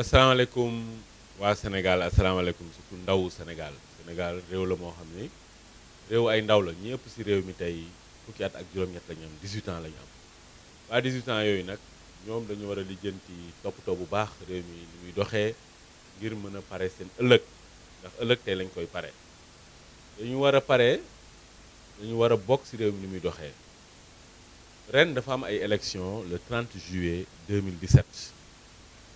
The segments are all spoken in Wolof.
asalaamaaleykum waa Sénégal asalaamaaleykum surtout ndawu Sénégal Sénégal réew la moo xam ni réew ay ndaw la ñepp ci réew mi tay fukki at ak juróom ñet la ñu 18 ans la ñam. Ba 18 ans yoy nak ñom dañu war a top toppatoo bu baax réew mi ni muy doxee ngir mëna paré sen seen ndax ëllëg tay lañ koy paré. dañu wara paré dañu wara bok ci si mi ni muy doxee ren dafa am ay élection le 30 juillet 2017.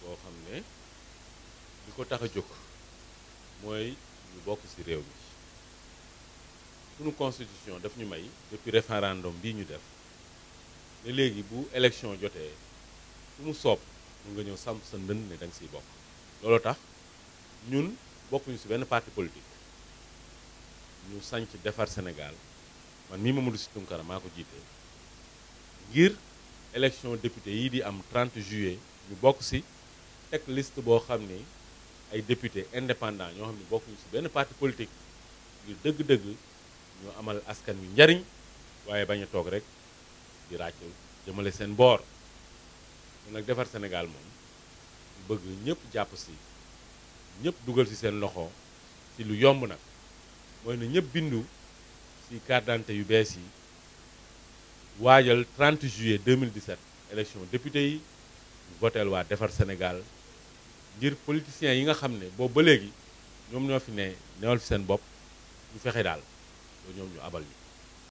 boo xam ne li ko tax a jóg mooy ñu bokk ci réew mi sunu constitution daf ñu may depuis référendum bii ñu def ne léegi bu élection jotee su mu soob mun nga ñëw samp sa ndënd ne da nga siy bokk looloo tax ñun bokkuñu ci benn parti politique ñu sanc defar Sénégal man mii Mamadou Sy Tounkara maa ko jiite ngir élection député yi di am 30 juillet ñu bokk ci teg liste boo xam ni ay député indépendant ñoo xam ne bokkuñu ci benn parti politique ngir dëgg-dëgg ñu amal askan wi njariñ waaye bañ toog rek di ràcc jëmale seen boor mun nag defar Sénégal moom bëgg ñëpp jàpp si ñëpp dugal ci seen loxo ci lu yomb nag mooy na ñëpp bindu ci carte d'identité yu bees yi waajal 30 juillet 2017 élection député yi voteel waa defar Sénégal ngir politiciens yi nga xam ne boobu ba léegi ñoom ñoo fi ne newal fi seen bopp ñu fexe daal ñoom ñu abal ñu